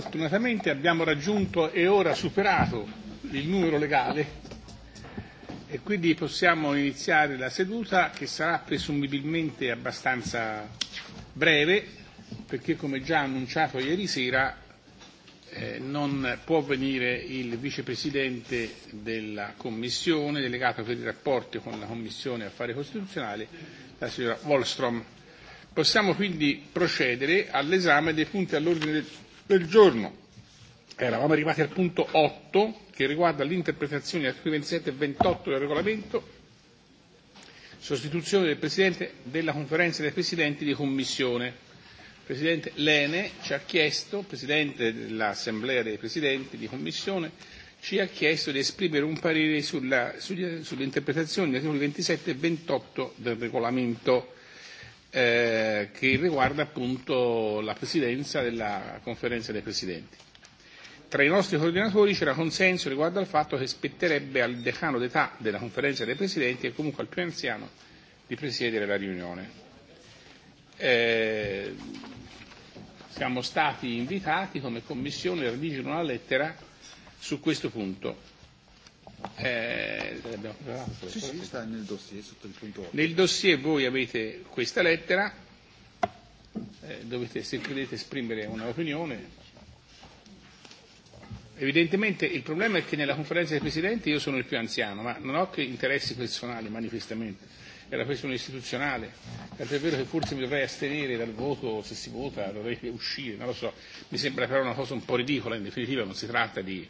Fortunatamente abbiamo raggiunto e ora superato il numero legale e quindi possiamo iniziare la seduta che sarà presumibilmente abbastanza breve perché come già annunciato ieri sera eh, non può venire il vicepresidente della Commissione delegato per i rapporti con la Commissione Affari Costituzionali, la signora Wallstrom. Possiamo quindi procedere all'esame dei punti all'ordine del giorno del giorno. Eravamo arrivati al punto 8 che riguarda l'interpretazione degli articoli 27 e 28 del regolamento, sostituzione del Presidente della conferenza dei Presidenti di Commissione. Il Presidente Lene ci ha chiesto, Presidente dell'Assemblea dei Presidenti di Commissione, ci ha chiesto di esprimere un parere sulla, sugli, sull'interpretazione degli articoli 27 e 28 del regolamento eh, che riguarda appunto la presidenza della conferenza dei presidenti. Tra i nostri coordinatori c'era consenso riguardo al fatto che spetterebbe al decano d'età della conferenza dei presidenti e comunque al più anziano di presiedere la riunione. Eh, siamo stati invitati come Commissione a redigere una lettera su questo punto Eh, nel dossier, voi avete questa lettera, eh, dovete, se credete, esprimere un'opinione. Evidentemente il problema è che nella conferenza dei presidenti io sono il più anziano, ma non ho che interessi personali manifestamente è la questione istituzionale, perché è vero che forse mi dovrei astenere dal voto, se si vota dovrei uscire, non lo so, mi sembra però una cosa un po' ridicola, in definitiva non si tratta di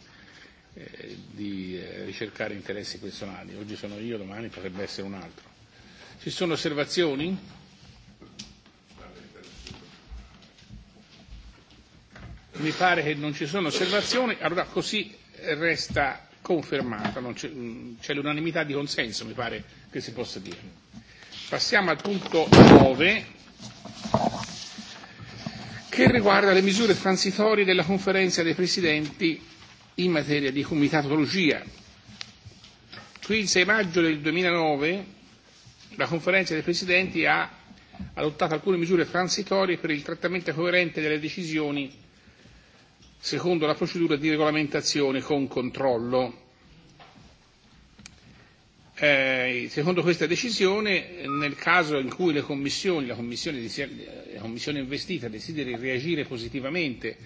eh, di eh, ricercare interessi personali. Oggi sono io, domani potrebbe essere un altro. Ci sono osservazioni? Mi pare che non ci sono osservazioni, allora così resta confermata, non c'è, mm, c'è l'unanimità di consenso, mi pare che si possa dire. Passiamo al punto 9 che riguarda le misure transitorie della conferenza dei presidenti in materia di comitatologia. Qui il 6 maggio del 2009 la conferenza dei presidenti ha adottato alcune misure transitorie per il trattamento coerente delle decisioni secondo la procedura di regolamentazione con controllo. Eh, secondo questa decisione, nel caso in cui le commissioni, la commissione, la commissione investita desideri reagire positivamente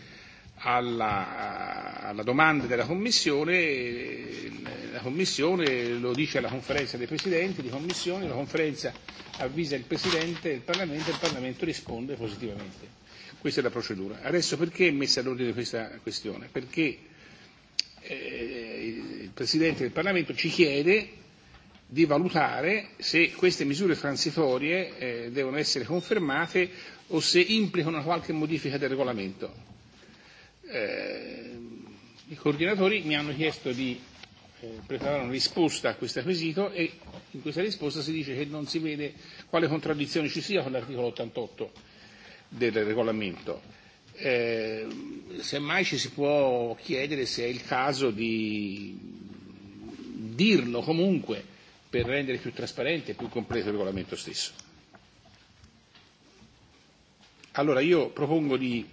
alla, alla domanda della Commissione, eh, la Commissione lo dice alla conferenza dei Presidenti di Commissione, la conferenza avvisa il Presidente del Parlamento e il Parlamento risponde positivamente. Questa è la procedura. Adesso perché è messa all'ordine questa questione? Perché eh, il Presidente del Parlamento ci chiede di valutare se queste misure transitorie eh, devono essere confermate o se implicano qualche modifica del regolamento Eh, I coordinatori mi hanno chiesto di eh, preparare una risposta a questo quesito e in questa risposta si dice che non si vede quale contraddizione ci sia con l'articolo 88 del regolamento. Eh, semmai ci si può chiedere se è il caso di dirlo comunque per rendere più trasparente e più completo il regolamento stesso. Allora io propongo di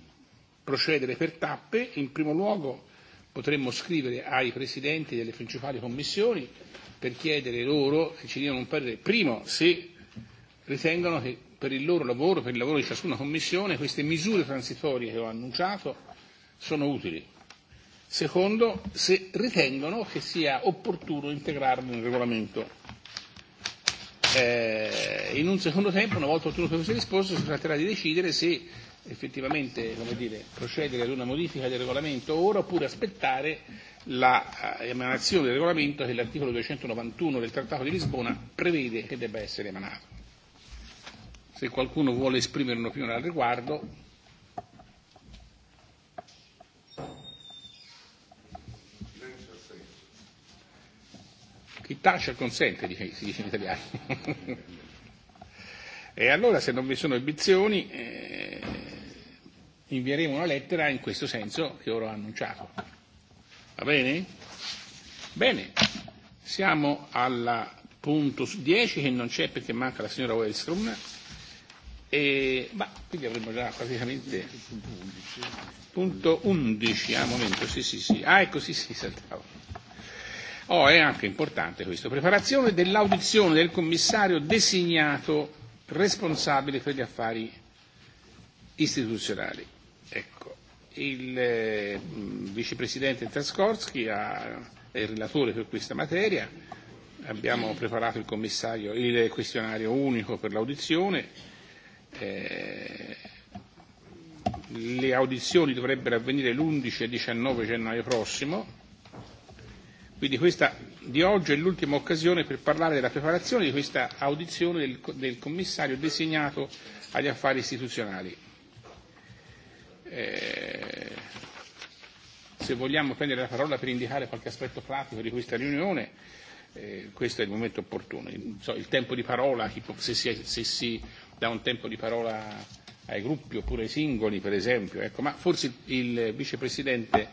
procedere per tappe, in primo luogo potremmo scrivere ai presidenti delle principali commissioni per chiedere loro che ci diano un parere, primo se ritengono che per il loro lavoro, per il lavoro di ciascuna commissione, queste misure transitorie che ho annunciato sono utili. Secondo, se ritengono che sia opportuno integrarle nel regolamento. Eh, in un secondo tempo, una volta ottenuto queste risposte, si tratterà di decidere se effettivamente come dire, procedere ad una modifica del regolamento ora oppure aspettare l'emanazione eh, del regolamento che l'articolo 291 del Trattato di Lisbona prevede che debba essere emanato. Se qualcuno vuole esprimere un'opinione al riguardo. Chi tace consente, si dice in italiano. e allora se non vi sono obiezioni. Eh, invieremo una lettera in questo senso che ora ho annunciato. Va bene? Bene, siamo al punto 10 che non c'è perché manca la signora Wellstrom. E, ma quindi avremmo già praticamente punto 11 al ah, momento, sì sì sì, ah ecco sì sì, saltavo. Oh, è anche importante questo. Preparazione dell'audizione del commissario designato responsabile per gli affari istituzionali. Ecco, il mm, vicepresidente Traskorski ha, è il relatore per questa materia, abbiamo preparato il, commissario, il questionario unico per l'audizione, eh, le audizioni dovrebbero avvenire l'11 e 19 gennaio prossimo, quindi questa di oggi è l'ultima occasione per parlare della preparazione di questa audizione del, del commissario designato agli affari istituzionali. Eh, se vogliamo prendere la parola per indicare qualche aspetto pratico di questa riunione, eh, questo è il momento opportuno. Il, so, il tempo di parola, se si, se si dà un tempo di parola ai gruppi oppure ai singoli, per esempio, ecco, ma forse il vicepresidente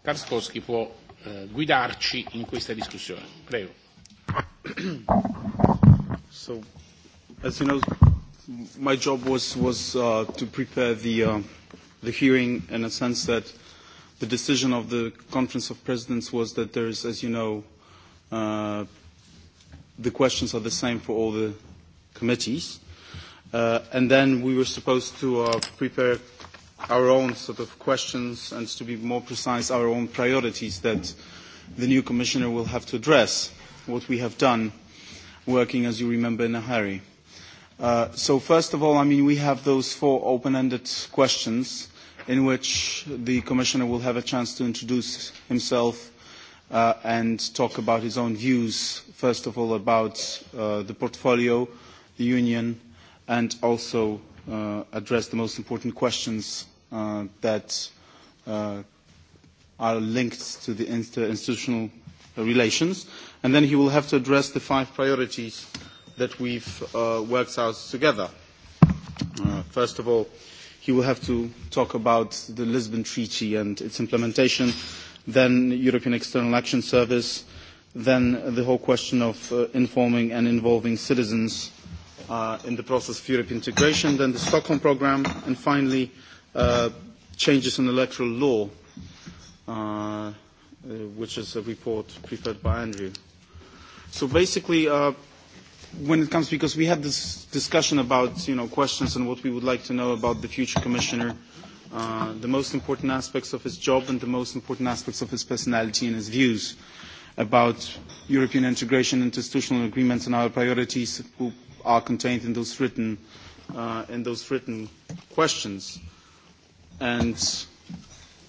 Karskowski può eh, guidarci in questa discussione. Prego. So, as you know, my job was, was uh, to prepare the, uh, the hearing in a sense that the decision of the Conference of Presidents was that there is, as you know, uh, the questions are the same for all the committees. Uh, and then we were supposed to uh, prepare our own sort of questions and to be more precise, our own priorities that the new commissioner will have to address, what we have done, working, as you remember, in a hurry. Uh, so first of all, I mean, we have those four open-ended questions in which the Commissioner will have a chance to introduce himself uh, and talk about his own views, first of all about uh, the portfolio, the Union, and also uh, address the most important questions uh, that uh, are linked to the interinstitutional relations. And then he will have to address the five priorities that we've uh, worked out together. Uh, first of all, uh, he will have to talk about the Lisbon Treaty and its implementation, then European External Action Service, then the whole question of uh, informing and involving citizens uh, in the process of European integration, then the Stockholm programme, and finally uh, changes in electoral law, uh, uh which is a report prepared by Andrew. So basically, uh, when it comes, because we had this discussion about, you know, questions and what we would like to know about the future commissioner, uh, the most important aspects of his job and the most important aspects of his personality and his views about European integration, institutional agreements, and our priorities are contained in those written, uh, in those written questions and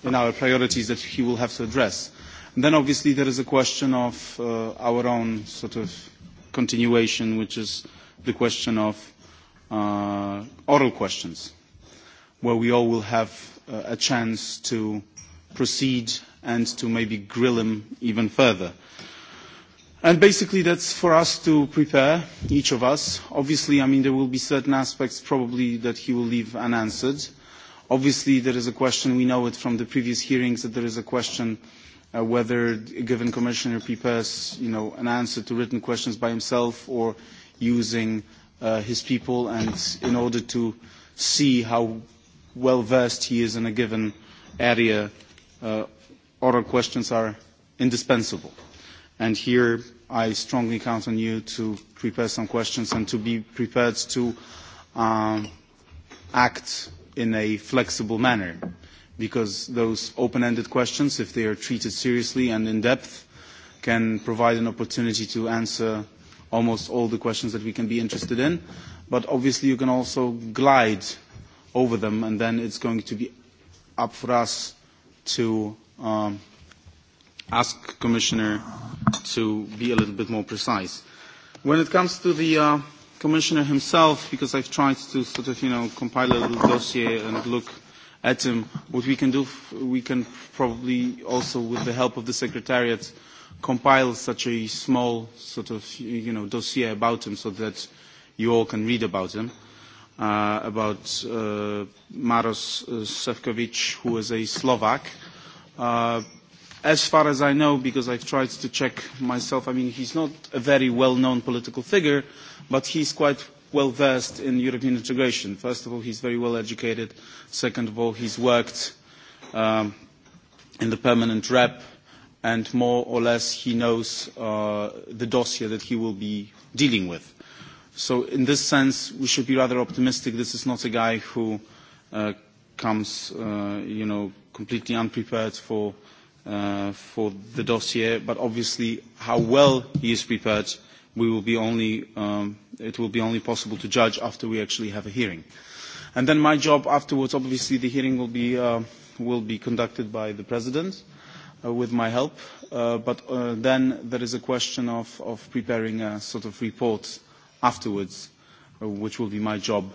in our priorities that he will have to address. And then obviously there is a question of uh, our own sort of continuation, which is the question of uh, oral questions, where we all will have uh, a chance to proceed and to maybe grill him even further. And basically, that's for us to prepare, each of us. Obviously, I mean, there will be certain aspects probably that he will leave unanswered. Obviously, there is a question, we know it from the previous hearings, that there is a question uh, uh, whether given Commissioner Pipes, you know, an answer to written questions by himself or using uh, his people and in order to see how well versed he is in a given area, uh, oral questions are indispensable. And here I strongly count on you to prepare some questions and to be prepared to um, act in a flexible manner because those open-ended questions, if they are treated seriously and in depth, can provide an opportunity to answer almost all the questions that we can be interested in. But obviously you can also glide over them and then it's going to be up for us to um, ask Commissioner to be a little bit more precise. When it comes to the uh, Commissioner himself, because I've tried to sort of, you know, compile a little dossier and look atom. Um, what we can do, we can probably also, with the help of the Secretariat, compile such a small sort of, you know, dossier about him so that you all can read about him, Uh, about uh, Maros uh, Sefcovic, who is a Slovak. Uh, as far as I know, because I've tried to check myself, I mean, he's not a very well-known political figure, but he's quite well versed in European integration. First of all, he's very well educated. Second of all, he's worked um, in the permanent rep, and more or less he knows uh, the dossier that he will be dealing with. So in this sense, we should be rather optimistic. This is not a guy who uh, comes, uh, you know, completely unprepared for, uh, for the dossier, but obviously how well he is prepared we will be only, um, it will be only possible to judge after we actually have a hearing. And then my job afterwards, obviously the hearing will be, uh, will be conducted by the President uh, with my help, uh, but uh, then there is a question of, of preparing a sort of report afterwards, uh, which will be my job.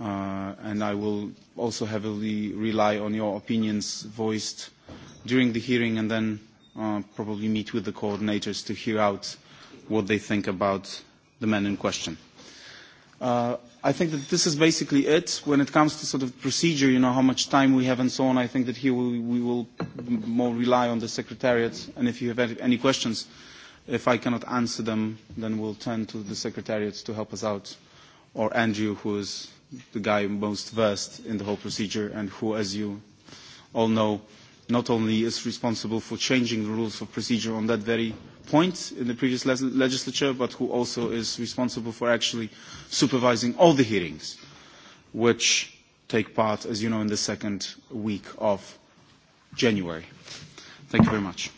Uh, and I will also heavily rely on your opinions voiced during the hearing and then uh, probably meet with the coordinators to hear out uh, what they think about the man in question. Uh, I think that this is basically it. When it comes to sort of procedure, you know, how much time we have and so on, I think that here we, we will more rely on the Secretariat. And if you have any questions, if I cannot answer them, then we'll turn to the Secretariat to help us out, or Andrew, who is the guy most versed in the whole procedure and who, as you all know, not only is responsible for changing the rules of procedure on that very point in the previous le legislature, but who also is responsible for actually supervising all the hearings, which take part, as you know, in the second week of January. Thank you very much.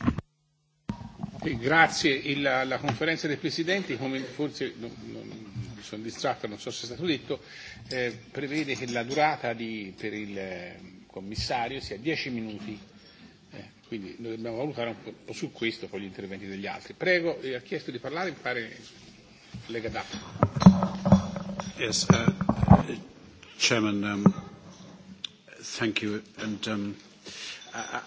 Grazie. Il, la conferenza dei presidenti, come forse no, no, mi sono distratto, non so se è stato detto, eh, prevede che la durata di, per il eh, commissario sia 10 minuti Quindi noi dobbiamo valutare un po' su questo poi gli interventi degli altri. Prego, eh, ha chiesto di parlare, mi pare, Lega Dappi. Yes, uh, Chairman, um, thank you. And um, I,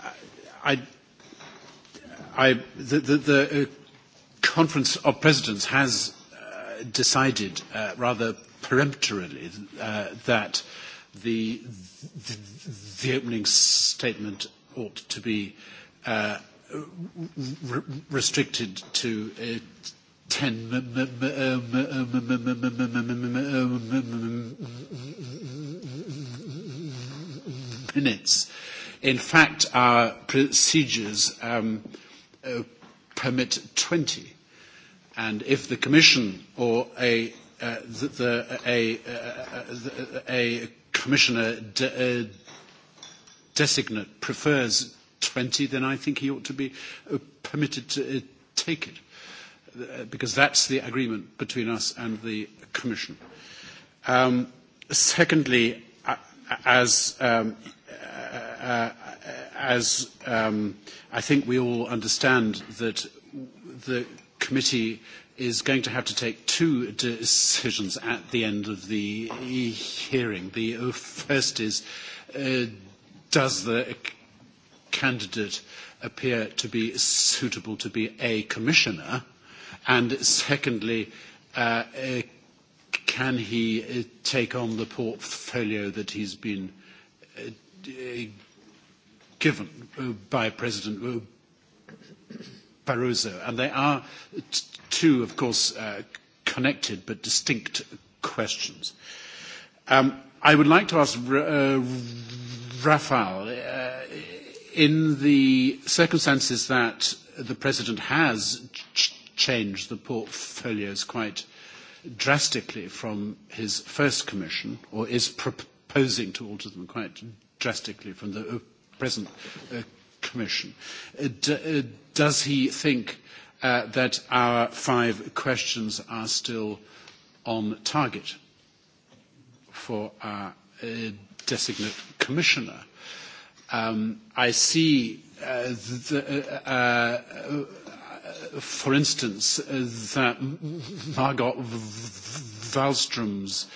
I, I, the, the, the uh, Conference of Presidents has uh, decided uh, rather peremptorily uh, that the, the, the opening statement ought to be uh, restricted to uh, 10 minutes. In fact, our procedures um, uh, permit 20. And if the Commission or a, uh, the, the, a, a, a, a Commissioner de, uh, designate prefers 20, then I think he ought to be uh, permitted to uh, take it, uh, because that's the agreement between us and the Commission. Um, secondly, as, um, uh, as um, I think we all understand that the committee is going to have to take two decisions at the end of the hearing. The first is uh, does the candidate appear to be suitable to be a commissioner? And secondly, uh, uh can he uh, take on the portfolio that he's been uh, given by President Barroso? And they are two, of course, connected but distinct questions. Um, I would like to ask Rafael, uh, in the circumstances that the President has ch changed the portfolios quite drastically from his first commission, or is proposing to alter them quite drastically from the uh, present uh, commission, uh, D uh, does he think uh, that our five questions are still on target for our uh, designate commissioner, um, I see, uh, the, uh, uh, for instance, uh, that Margot Wallström's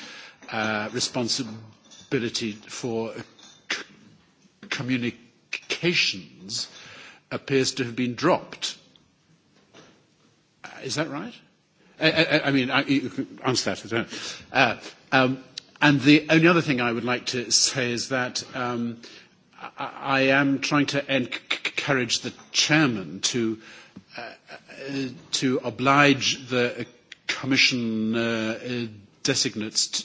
uh, responsibility for communications appears to have been dropped. Is that right? I, I, I mean, I, answer that. I don't know. Uh, um, And the only other thing I would like to say is that um, I, I am trying to encourage the chairman to uh, uh, to oblige the commission uh, designates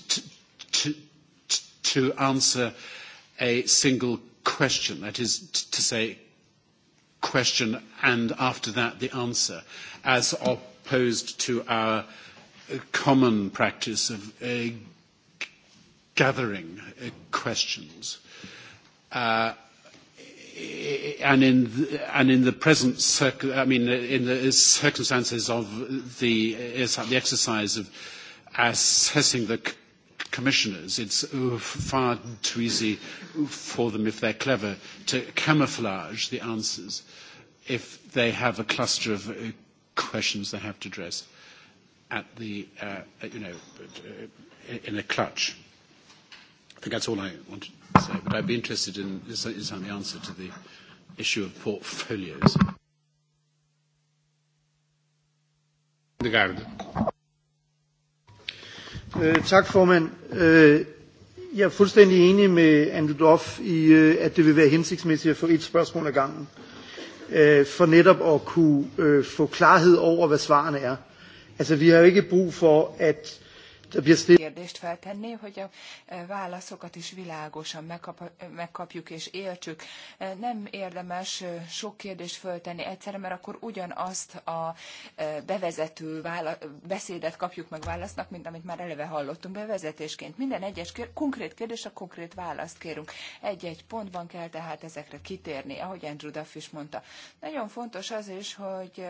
to, to answer a single question. That is to say, question and after that the answer, as opposed to our common practice of uh, gathering uh, questions. Uh, and in the, and in the present circ- I mean uh, in the uh, circumstances of the uh, the exercise of assessing the c- commissioners, it's far too easy for them if they're clever to camouflage the answers if they have a cluster of questions they have to address at the uh, you know in a clutch think that's all I wanted to say, but I'd be interested in the answer to the issue of portfolios. Øh, tak, formand. Øh, jeg er fuldstændig enig med Andrew Duff i, øh, at det vil være hensigtsmæssigt at få et spørgsmål ad gangen, øh, for netop at kunne øh, få klarhed over, hvad svarene er. Altså, vi har jo ikke brug for, at kérdést feltenni, hogy a e, válaszokat is világosan megkap, megkapjuk és értsük. E, nem érdemes e, sok kérdést föltenni egyszerre, mert akkor ugyanazt a bevezető vála, beszédet kapjuk meg válasznak, mint amit már eleve hallottunk bevezetésként. Minden egyes kér, konkrét kérdésre konkrét választ kérünk. Egy-egy pontban kell tehát ezekre kitérni, ahogy Andrew Duff is mondta. Nagyon fontos az is, hogy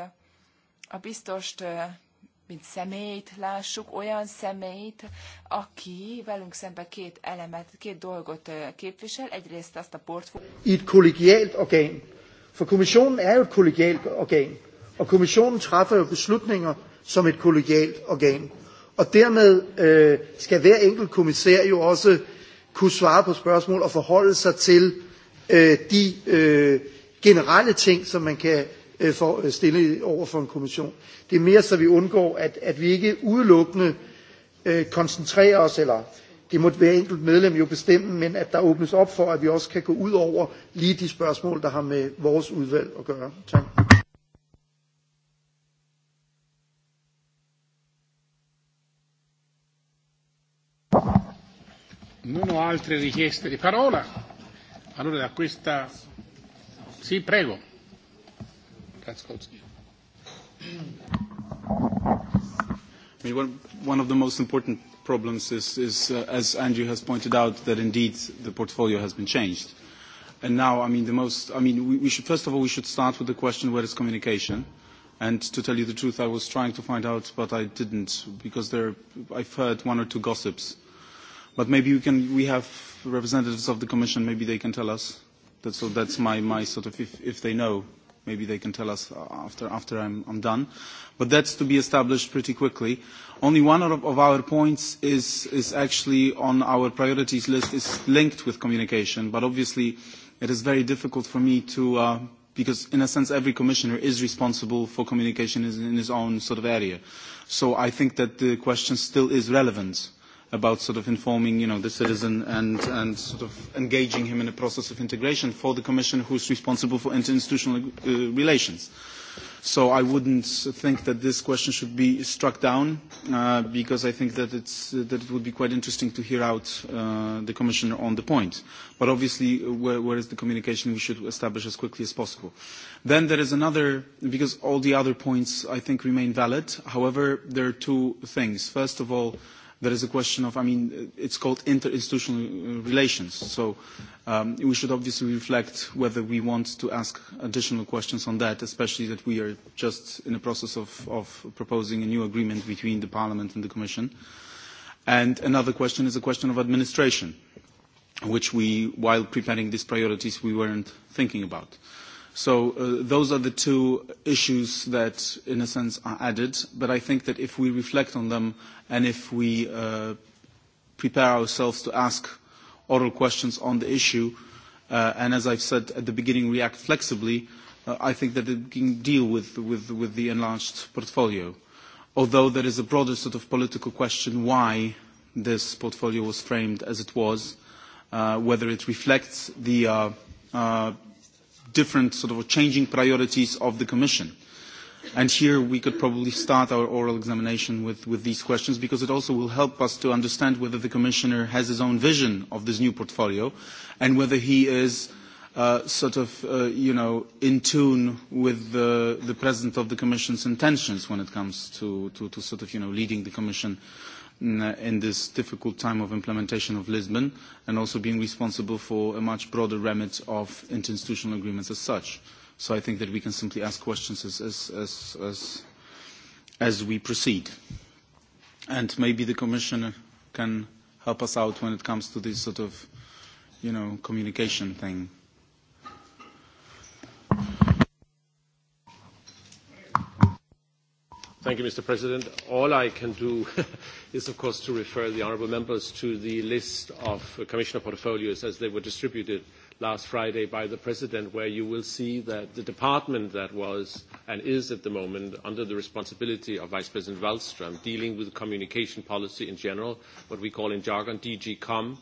a biztost mint személyt lássuk, olyan személyt, aki velünk szemben két elemet, két dolgot képvisel, egyrészt azt a portfóliót. Itt kollegiált organ. For kommissionen er jo et kollegialt organ, og kommissionen træffer jo beslutninger som et kollegialt organ. Og dermed øh, skal hver enkelt kommissær jo også kunne svare på spørgsmål og forholde sig til øh, de øh, generelle ting, som man kan Øh, for, øh, stillet over for en kommission. Det er mere, så vi undgår, at, at vi ikke udelukkende øh, koncentrerer os, eller det må være enkelt medlem jo bestemme, men at der åbnes op for, at vi også kan gå ud over lige de spørgsmål, der har med vores udvalg at gøre. Tak. Non ho altre richieste di parola. Allora da questa... Sì, prego. Glasskowski. I mean, one, of the most important problems is, is uh, as Andrew has pointed out, that indeed the portfolio has been changed. And now, I mean, the most, I mean, we, we should, first of all, we should start with the question, where is communication? And to tell you the truth, I was trying to find out, but I didn't, because there, I've heard one or two gossips. But maybe we can, we have representatives of the Commission, maybe they can tell us. That, so that's my, my sort of, if, if they know maybe they can tell us uh, after, after I'm, I'm done. But that's to be established pretty quickly. Only one of, of our points is, is actually on our priorities list is linked with communication, but obviously it is very difficult for me to, uh, because in a sense every commissioner is responsible for communication in his own sort of area. So I think that the question still is relevant. Uh, about sort of informing you know, the citizen and, and sort of engaging him in the process of integration for the Commission who's responsible for interinstitutional uh, relations. So I wouldn't think that this question should be struck down uh, because I think that, it's, that it would be quite interesting to hear out uh, the Commissioner on the point. But obviously, where, where is the communication we should establish as quickly as possible? Then there is another, because all the other points I think remain valid. However, there are two things. First of all, there is a question of, I mean, it's called interinstitutional uh, relations. So um, we should obviously reflect whether we want to ask additional questions on that, especially that we are just in the process of, of proposing a new agreement between the Parliament and the Commission. And another question is a question of administration, which we, while preparing these priorities, we weren't thinking about. Uh, So uh, those are the two issues that, in a sense, are added. But I think that if we reflect on them and if we uh, prepare ourselves to ask oral questions on the issue, uh, and as I've said at the beginning, react flexibly, uh, I think that it can deal with, with, with the enlarged portfolio. Although there is a broader sort of political question why this portfolio was framed as it was, uh, whether it reflects the uh, uh, different sort of changing priorities of the Commission. And here we could probably start our oral examination with, with these questions because it also will help us to understand whether the Commissioner has his own vision of this new portfolio and whether he is uh, sort of, uh, you know, in tune with the, the President of the Commission's intentions when it comes to, to, to sort of, you know, leading the Commission uh, Uh, in this difficult time of implementation of Lisbon and also being responsible for a much broader remit of interinstitutional agreements as such. So I think that we can simply ask questions as, as, as, as, as we proceed. And maybe the Commissioner can help us out when it comes to this sort of, you know, communication thing. Thank you, Mr. President. All I can do is, of course, to refer the honourable members to the list of commissioner portfolios as they were distributed last Friday by the President, where you will see that the department that was and is at the moment under the responsibility of Vice President Wallström, dealing with communication policy in general, what we call in jargon DG COM,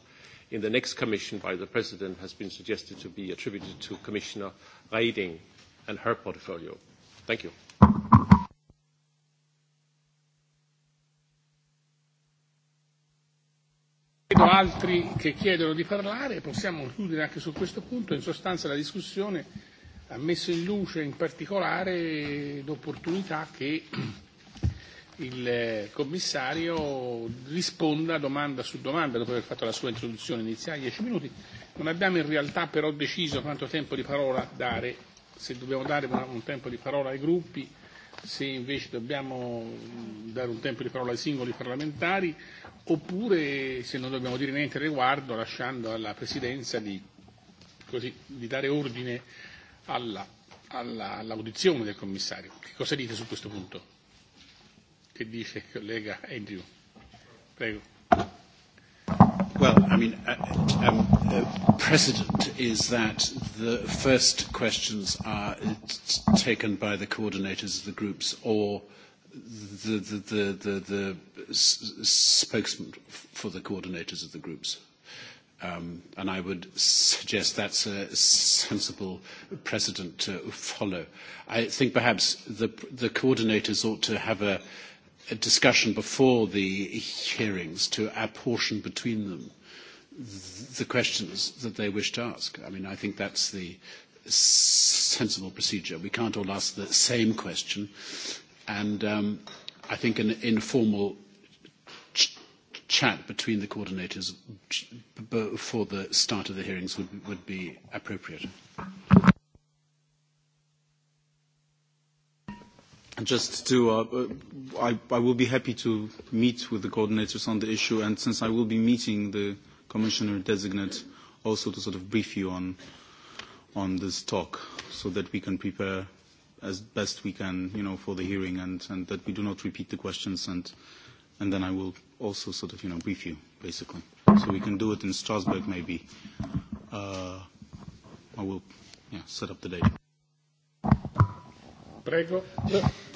in the next commission by the President has been suggested to be attributed to Commissioner Reding and her portfolio. Thank you. Chiedo altri che chiedono di parlare, possiamo chiudere anche su questo punto. In sostanza la discussione ha messo in luce in particolare l'opportunità che il eh, commissario risponda domanda su domanda dopo aver fatto la sua introduzione iniziale di 10 minuti. Non abbiamo in realtà però deciso quanto tempo di parola dare, se dobbiamo dare un tempo di parola ai gruppi se invece dobbiamo dare un tempo di parola ai singoli parlamentari oppure se non dobbiamo dire niente al riguardo lasciando alla Presidenza di, così, di dare ordine alla, alla, all'audizione del commissario. Che cosa dite su questo punto? Che dice il collega Andrew? Prego. Well, I mean, uh, um, uh, precedent is that the first questions are taken by the coordinators of the groups or the, the, the, the, the spokesman for the coordinators of the groups. Um, and I would suggest that's a sensible precedent to follow. I think perhaps the, the coordinators ought to have a discussion before the hearings to apportion between them the questions that they wish to ask. I mean, I think that's the sensible procedure. We can't all ask the same question. And um, I think an informal ch chat between the coordinators before the start of the hearings would, would be appropriate. Just to, uh, uh, I, I will be happy to meet with the coordinators on the issue, and since I will be meeting the commissioner designate, also to sort of brief you on on this talk, so that we can prepare as best we can, you know, for the hearing, and, and that we do not repeat the questions, and and then I will also sort of, you know, brief you basically, so we can do it in Strasbourg maybe. Uh, I will, yeah, set up the date. Prego.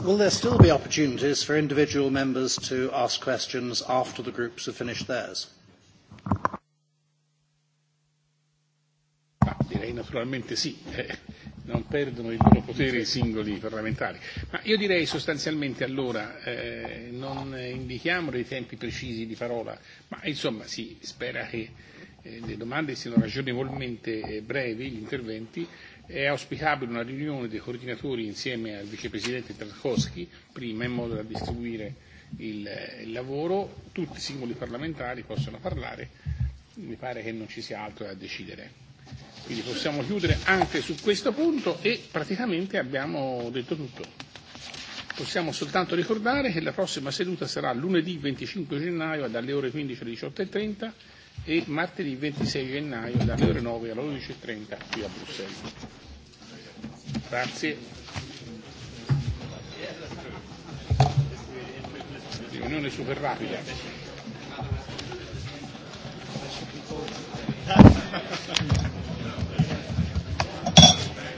Will there still be opportunities for individual members to ask questions after the groups have finished theirs? Ah, direi naturalmente sì, eh, non perdono il loro potere i singoli parlamentari. Ma io direi sostanzialmente allora eh, non indichiamo dei tempi precisi di parola, ma insomma si spera che Eh, le domande siano ragionevolmente eh, brevi, gli interventi, è auspicabile una riunione dei coordinatori insieme al vicepresidente Tarkovsky, prima in modo da distribuire il, eh, il lavoro, tutti i singoli parlamentari possono parlare, mi pare che non ci sia altro da decidere. Quindi possiamo chiudere anche su questo punto e praticamente abbiamo detto tutto. Possiamo soltanto ricordare che la prossima seduta sarà lunedì 25 gennaio dalle ore 15 alle 18.30 e martedì 26 gennaio dalle ore 9 alle 11.30 e qui a Bruxelles. Grazie. Riunione super rapida. Thank you.